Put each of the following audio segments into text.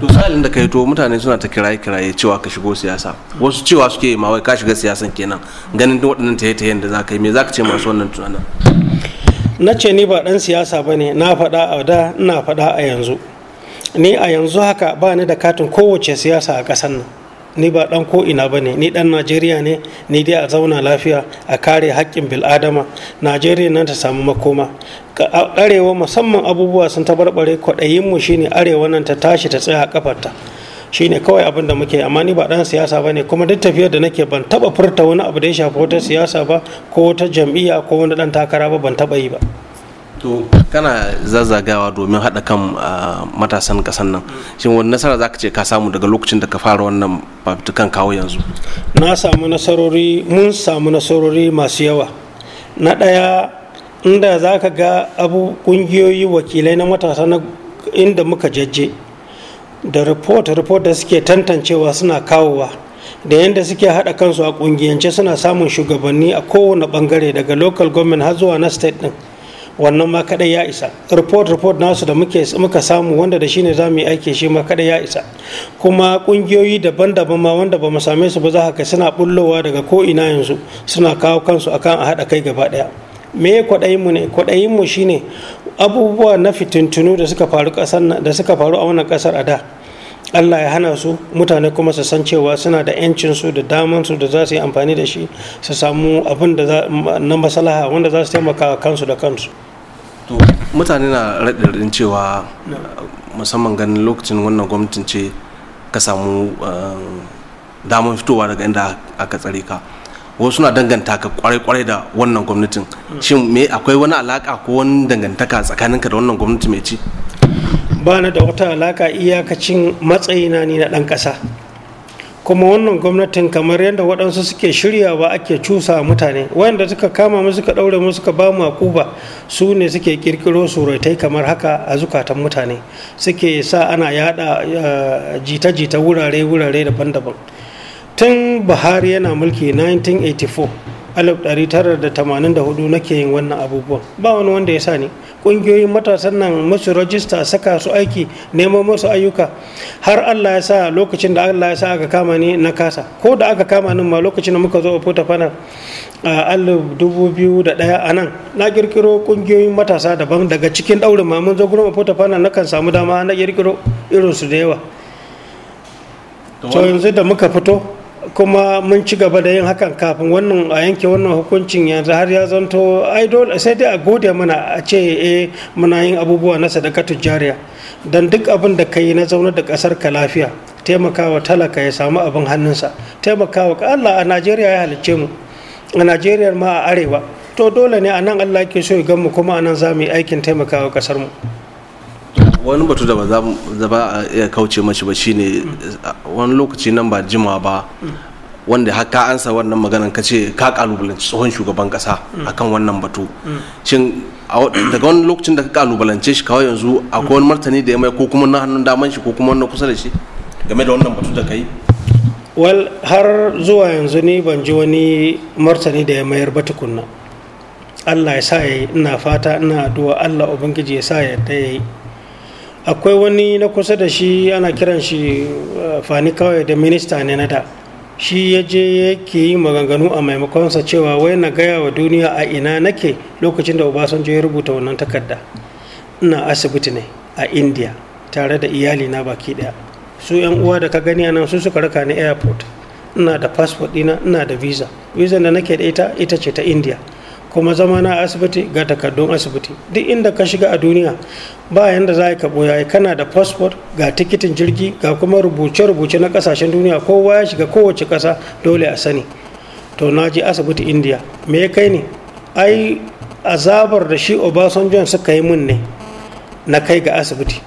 to sa'ilin da ka to mutane suna ta kiraye kiraye cewa ka shigo siyasa wasu cewa suke ma wai ka shiga siyasan kenan ganin duk waɗannan taye tayen da za ka yi me za ka ce masu wannan tunanin na ce ni ba dan siyasa ba ne na faɗa a da ina faɗa a yanzu ni a yanzu haka ba ni da katin kowace siyasa a ƙasar nan ni ba dan ko ina ba ne ni dan Najeriya ne ni dai a zauna lafiya a kare haƙƙin bil'adama Najeriya nan ta samu makoma arewa musamman abubuwa sun tabarbare kwaɗayinmu shine arewa nan ta tashi ta tsaya a kafarta shine kawai abin da muke amma ni ba dan siyasa ba ne kuma duk tafiyar da nake ban taɓa furta wani abu da ya shafi wata siyasa ba ko wata jam'iyya ko wani ɗan takara ba ban taɓa yi ba to kana zazzagawa domin haɗa kan ah, matasan ƙasar nan shin wani nasara za ka ce ka samu daga lokacin da ka fara wannan babtukan kawo yanzu na samu nasarori mun samu nasarori masu yawa na ɗaya inda za ka ga abu ƙungiyoyi wakilai na matasa na inda muka jajje da report-report da suke tantancewa suna kawowa da yadda suke haɗa kansu a ƙungiyance suna samun shugabanni a kowane ɓangare daga local government har zuwa na state ɗin wannan ma kadai ya isa report report nasu da muke muka samu wanda da shine za mu yi aiki shi ma kadai ya isa kuma kungiyoyi daban-daban ma wanda ba mu same su ba za ka suna bullowa daga ko ina yanzu suna kawo kansu akan a haɗa kai gaba daya me kwaɗayin mu ne kwaɗayin mu shine abubuwa na fitintunu da suka faru da suka faru a wannan ƙasar a da allah ya hana su mutane kuma su san cewa suna da 'yancinsu da damansu da za su yi amfani da shi su samu abin da na masalaha wanda za su taimaka kansu da kansu mutane na raɗaɗin cewa musamman ganin lokacin wannan gwamnatin ce ka samu eh, damar fitowa daga inda aka tsare ka wasu suna danganta ka kwarai-kwarai da wannan gwamnatin mm. shin me akwai wani alaka ko wani dangantaka tsakaninka da wannan gwamnati mai ci Bani da wata alaka iyakacin matsayina ni na ɗan ƙasa kuma wannan gwamnatin kamar yadda waɗansu suke shiryawa ake cusa mutane wayanda suka kama mu suka ɗaure mu suka ba mu akuba su ne suke ƙirƙiro suraitai kamar haka a zukatan mutane suke sa ana yada jita-jita wurare wurare daban-daban tun buhari yana mulki 1984 1984 nake yin wannan abubuwan ba wani wanda ya sa ni kungiyoyin matasan nan musu rajista saka su aiki neman musu ayyuka har allah ya sa lokacin da allah ya sa aka kama ni na kasa ko da aka kama ni ma lokacin da muka zo a fana a alif dubu biyu da daya a nan na kirkiro kungiyoyin matasa daban daga cikin daurin ma mun zo gurin a fana na kan samu dama na kirkiro irinsu da yawa to yanzu da muka fito kuma mun ci gaba da yin hakan kafin wannan a yanke wannan hukuncin yanzu har ya zanto idol sai dai a gode mana a ce eh, muna yin abubuwa na sadaka jariya don duk abin da ka yi na zaune da kasar ka lafiya taimakawa talaka ya samu abin hannunsa taimakawa ka allah a najeriya ya halicce mu a najeriya ma a arewa to dole ne a nan allah ke so ya gan mu kuma a nan za mu yi aikin taimakawa kasar mu wani batu da ba za a iya kauce mashi ba shine wani lokaci nan ba jima ba wanda har ka ansa wannan maganan ka ce ka kalubalanci tsohon shugaban kasa akan wannan batu shin daga wani lokacin da ka kalubalance shi kawai yanzu akwai wani martani da ya mai ko kuma na hannun daman shi ko kuma wannan kusa da shi game da wannan batu da ka yi wal har zuwa yanzu ni ban ji wani martani da ya mayar ba tukunna Allah ya sa ya yi ina fata ina addu'a Allah ubangiji ya sa ya ta yi akwai wani na kusa da shi ana kiran shi eh, fani kawai da minista ne na da shi ya je yake yi maganganu a maimakonsa cewa wai na gaya wa duniya a ina nake lokacin da obasanjo ya rubuta wannan takarda ina asibiti ne a india tare da iyali na baki daya su yan uwa da ka gani a nan su suka raka ni airport ina da passport dina ina da visa visa da nake da ita ita ce ta india kuma zama na asibiti ga takardun asibiti duk inda ka shiga a duniya ba yanda za ka boya kana da passport ga tikitin jirgi ga kuma rubuce-rubuce na kasashen duniya kowa ya shiga kowace kasa dole a sani to na je asibiti india me ya kai ne ai azabar da shi obasanjo suka yi min ne na kai ga asibiti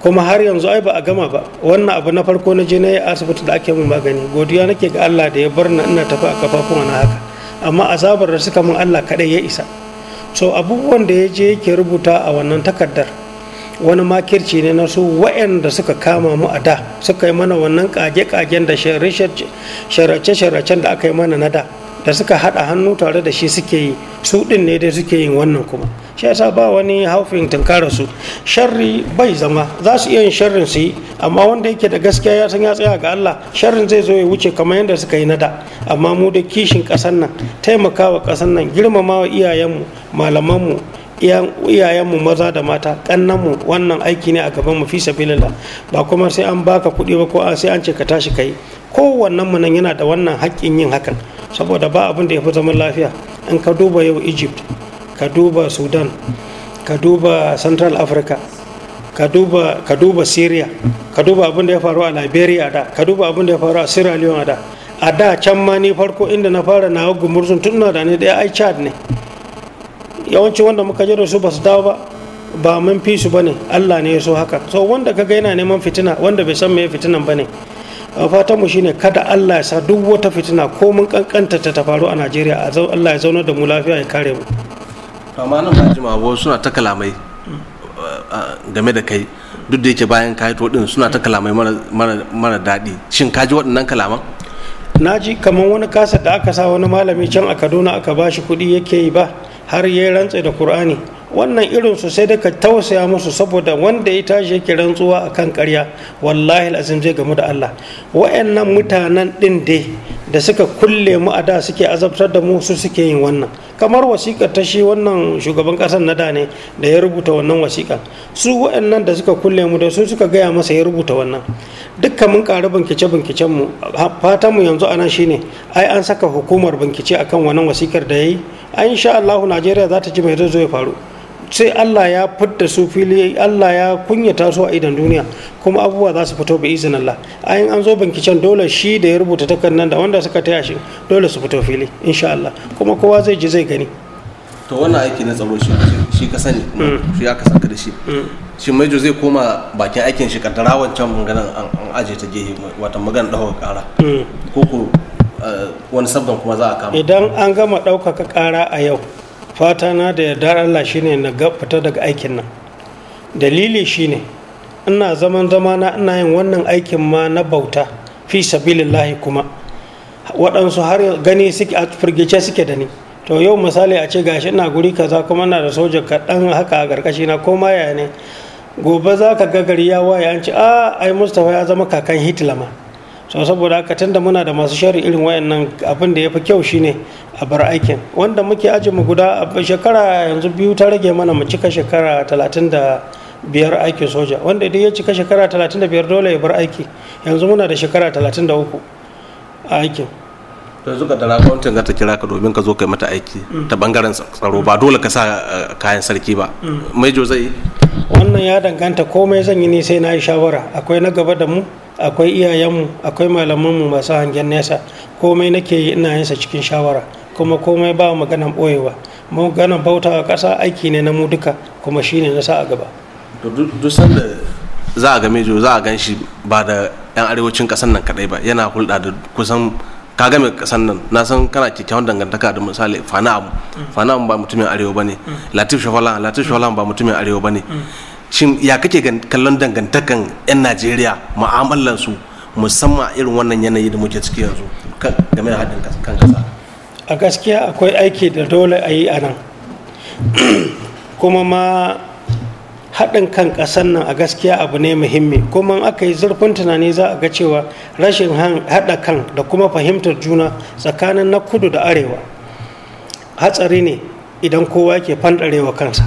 kuma har yanzu ai ba a gama ba wannan abu na farko na je na yi asibiti da ake mun magani godiya nake ga allah da ya bar na ina tafi a kafafuwa na haka amma azabar da suka mun Allah kaɗai ya isa so abubuwan da ya je yake rubuta a wannan takardar wani makirci ne na su wayanda suka kama mu a da suka yi mana wannan kage-kagen da sharace-sharacen da aka yi mana na da da suka haɗa hannu tare da shi suke yi su ɗin ne dai suke yin wannan kuma shi yasa ba wani haufin tunkara su sharri bai zama za su iya yin sharrin su yi amma wanda yake da gaskiya ya san ya tsaya ga Allah sharrin zai zo ya wuce kamar yadda suka yi nada amma mu da kishin ƙasar nan taimakawa ƙasar nan girmamawa iyayenmu malamanmu iyayenmu maza da mata kannanmu wannan aiki ne a gaban mu fi sabilillah ba kuma sai an baka kuɗi ba ko a sai an ce ka tashi kai kowannen mu nan yana da wannan haƙƙin yin hakan saboda ba abin da ya fi zaman lafiya in ka duba yau egypt ka duba sudan ka duba central africa ka duba syria ka duba abin da ya faru a liberia da ka duba abin da ya faru a sierra leone da a da can ma ni farko inda na fara nawa gumurzun tun na da ni daya ai chad ne yawanci wanda muka je da su ba su dawo ba ba mun fi su bane Allah ne ya so haka so wanda kaga yana neman fitina wanda bai san me fitinan bane fatan mu shine kada Allah ya sa duk wata fitina ko mun kankanta ta faru a Najeriya Allah ya zauna da mu lafiya ya kare mu amma nan ba jima suna ta kalamai game da kai duk da yake bayan ka to din suna ta kalamai mara daɗi shin ka ji waɗannan kalaman na ji kamar wani kasa da aka sa wani malami can a kaduna aka ba shi kuɗi yake yi ba har ya rantse da kur'ani wannan irin su sai ka tausaya musu saboda wanda ya tashi yake rantsuwa akan karya wallahi azim zai gamu da Allah wayannan mutanen din dai da suka kulle mu a da suke azabtar da mu su suke yin wannan kamar wasiƙar ta shi wannan shugaban ƙasar na da ne da ya rubuta wannan wasiƙa su waɗannan da suka kulle mu da su suka gaya masa ya rubuta wannan dukkan mun ƙari bankice bankice mu fatan mu yanzu anan shine ai an saka hukumar bankice akan wannan wasiƙar da yayi an insha Allah Najeriya za ta ji mai zai zo ya faru sai Allah ya fitta su fili Allah ya kunyata su a idan duniya kuma abubuwa za su fito bi izinin Allah ayin an zo can dole shi da ya rubuta takardan da wanda suka taya shi dole su fito fili insha Allah kuma kowa zai ji zai gani to wannan aiki na tsaro shi ka sani mm. shi ya kasance da shi mm. shi maijo zai koma bakin aikin shi kaddara wancan maganar an aje ta gehe wata da dawo kara ko ko eh, wani sabon kuma za a kama idan an gama ɗaukaka kara a yau fata na da yardar allah shine na ga fita daga aikin nan dalili shine ina zaman zama na ina yin wannan aikin ma na bauta fi sabilillahi kuma waɗansu har gani suke a firgice suke da ni to yau misali a ce gashi ina guri kaza kuma na da soja kaɗan haka a ƙarƙashi na koma ya ne gobe za ka gagari ya waye an ce a ah, ai mustapha ya zama kakan hitler ma so saboda haka tunda muna da masu shari irin wayannan abin da ya fi kyau shine a bar aikin wanda muke aji mu guda shekara yanzu biyu ta rage mana mu cika shekara talatin da biyar aikin soja wanda duk ya cika shekara talatin da biyar dole ya bar aiki yanzu muna da shekara talatin da uku a aikin to zuka da rakwamtin ta kira ka domin ka zo kai mata aiki mm. ta bangaren tsaro ba dole ka sa eh, kayan sarki ba mm. mai zai wannan ya danganta komai zan yi ne sai na yi shawara akwai na gaba da mu akwai iyayenmu akwai malamanmu masu hangen nesa komai nake yi ina yinsa cikin shawara kuma komai ba maganan ɓoyewa magana bauta a ƙasa aiki ne na mu duka kuma shine na sa a gaba duk za a game jo za a gan shi ba da yan arewacin kasan nan kaɗai ba yana hulɗa da kusan ka game kasan nan na san kana kyakkyawan dangantaka da misali fana abu mm. fana ba mutumin arewa ne. Mm. latif shafalan latif shafalan ba mutumin arewa ba ne. Mm. shin ya kake kallon dangantakan 'yan najeriya mu'amalansu musamman irin wannan yanayi da muke ciki yanzu game da haɗin kan kasa a gaskiya akwai aiki da dole a yi a nan kuma ma haɗin kan ƙasar nan a gaskiya abu ne muhimmi kuma aka yi zurfin tunani za a ga cewa rashin haɗa kan da kuma fahimtar juna tsakanin na kudu da arewa hatsari ne idan kowa ke fanɗarewa kansa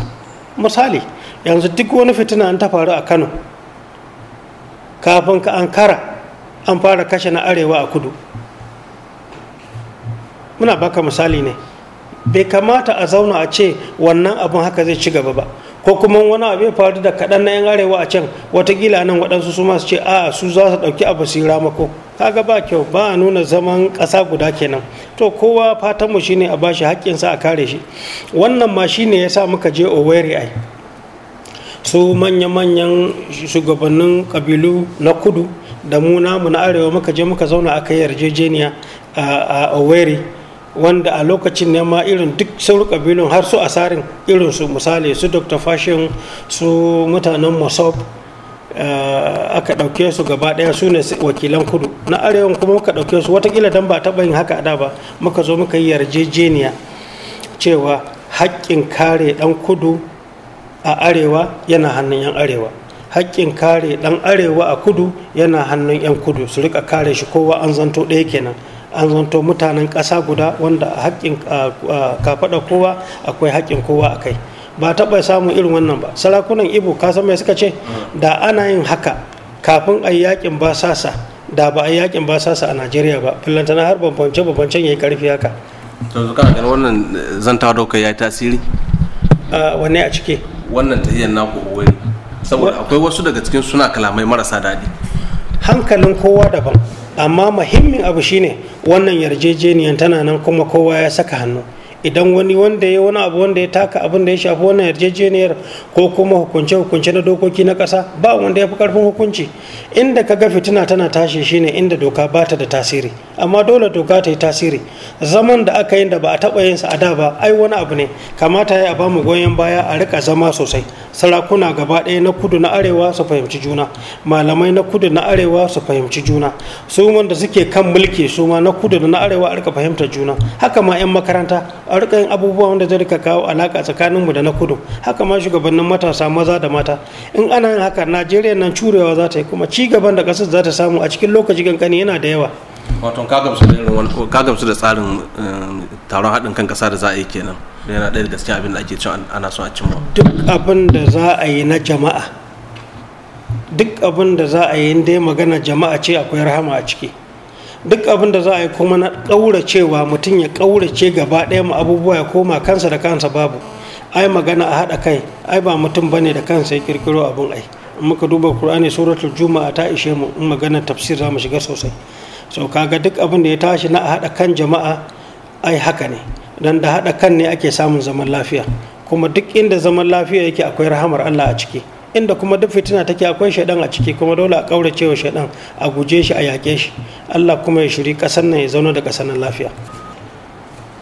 misali yanzu duk wani fitina an ta faru a kano kafin ka kara an fara kashe na arewa a kudu muna baka misali ne bai kamata a zauna a ce wannan abin haka zai ci gaba ba ko kuma wani abu ya faru da kaɗan na 'yan arewa a can watakila nan waɗansu su masu ce a su za su ɗauki abu su ramako kaga ba kyau ba a nuna zaman ƙasa guda kenan to kowa fatanmu shine a bashi haƙƙinsa a kare shi wannan ma shine ya sa muka je owerri ai su manya-manyan shugabannin kabilu na kudu da mu namu na arewa muka je muka zauna aka yi yarjejeniya a owerri wanda a lokacin ne ma irin duk sauran kabilun har su asarin irin su misali su dr fashin su mutanen mosob eh, aka ɗauke su gaba ɗaya su ne wakilan kudu na arewa kuma muka ɗauke su watakila don ba taɓa yin haka da ba muka zo muka yi yarjejeniya cewa haƙƙin kare ɗan kudu a arewa yana hannun 'yan arewa hakkin kare ɗan arewa a kudu yana hannun 'yan kudu su rika kare shi kowa an zanto ɗaya kenan an zanto mutanen ƙasa guda wanda haƙƙin kafaɗa kowa akwai haƙƙin kowa a kai ba taɓa samun irin wannan ba sarakunan ibo kasan mai suka ce mm. da ana yin haka kafin a yakin ba sasa da ba a yakin ba sasa a najeriya ba fillantana har bambance bambancen ya yi ƙarfi haka to zuka ganin wannan eh, zanta ya yi tasiri wanne a ciki wannan tahiyyar naku wai saboda akwai wasu daga cikin suna kalamai marasa daɗi hankalin kowa daban amma muhimmin abu shine wannan yarjejeniyan tana nan kuma kowa ya saka hannu idan wani wanda ya wani abu wanda ya taka abin da ya shafi wannan yarjejeniyar ko kuma hukunce hukunce na dokoki na ƙasa ba wanda ya fi karfin hukunci inda ka ga fitina tana tashi shine inda doka bata da tasiri amma dole doka ta yi tasiri zaman da aka yi da ba a taɓa yin sa a da ba ai wani abu ne kamata ya ba mu goyon baya a rika zama sosai sarakuna gaba ɗaya na kudu na arewa su fahimci juna malamai na kudu na arewa su fahimci juna su wanda suke kan mulki su ma na kudu da na arewa a rika fahimtar juna haka ma 'yan makaranta a rika yin abubuwa wanda zai rika kawo alaka tsakanin mu da na kudu haka ma shugabannin matasa maza da mata in ana yin haka najeriya nan curewa za ta yi kuma ci gaban da ƙasar za ta samu a cikin lokaci kankani yana da yawa wato ka da tsarin um, taron haɗin kan ƙasa da za a yi kenan yana ɗaya daga cikin abin da ake cin ana son a cimma duk abin da za a yi na jama'a duk abin da za a yi dai magana jama'a ce akwai rahama a ciki duk abin da za a yi kuma na ƙauracewa mutum ya ƙaurace gaba ɗaya ma abubuwa ya koma kansa da kansa babu ai magana a haɗa kai ai ba mutum bane da kansa ya kirkiro abin ai muka duba ƙur'ani suratul juma'a ta ishe mu in magana tafsir za mu shiga sosai so ga duk abin da ya tashi na a haɗa kan jama'a ai haka ne don da haɗa kan ne ake samun zaman lafiya kuma duk inda zaman lafiya yake akwai rahamar Allah a ciki inda kuma duk fitina take akwai shaidan a ciki kuma dole a kaurace wa shaidan a guje shi a yaƙe shi Allah kuma ya shiri ƙasar nan ya zauna da ƙasar lafiya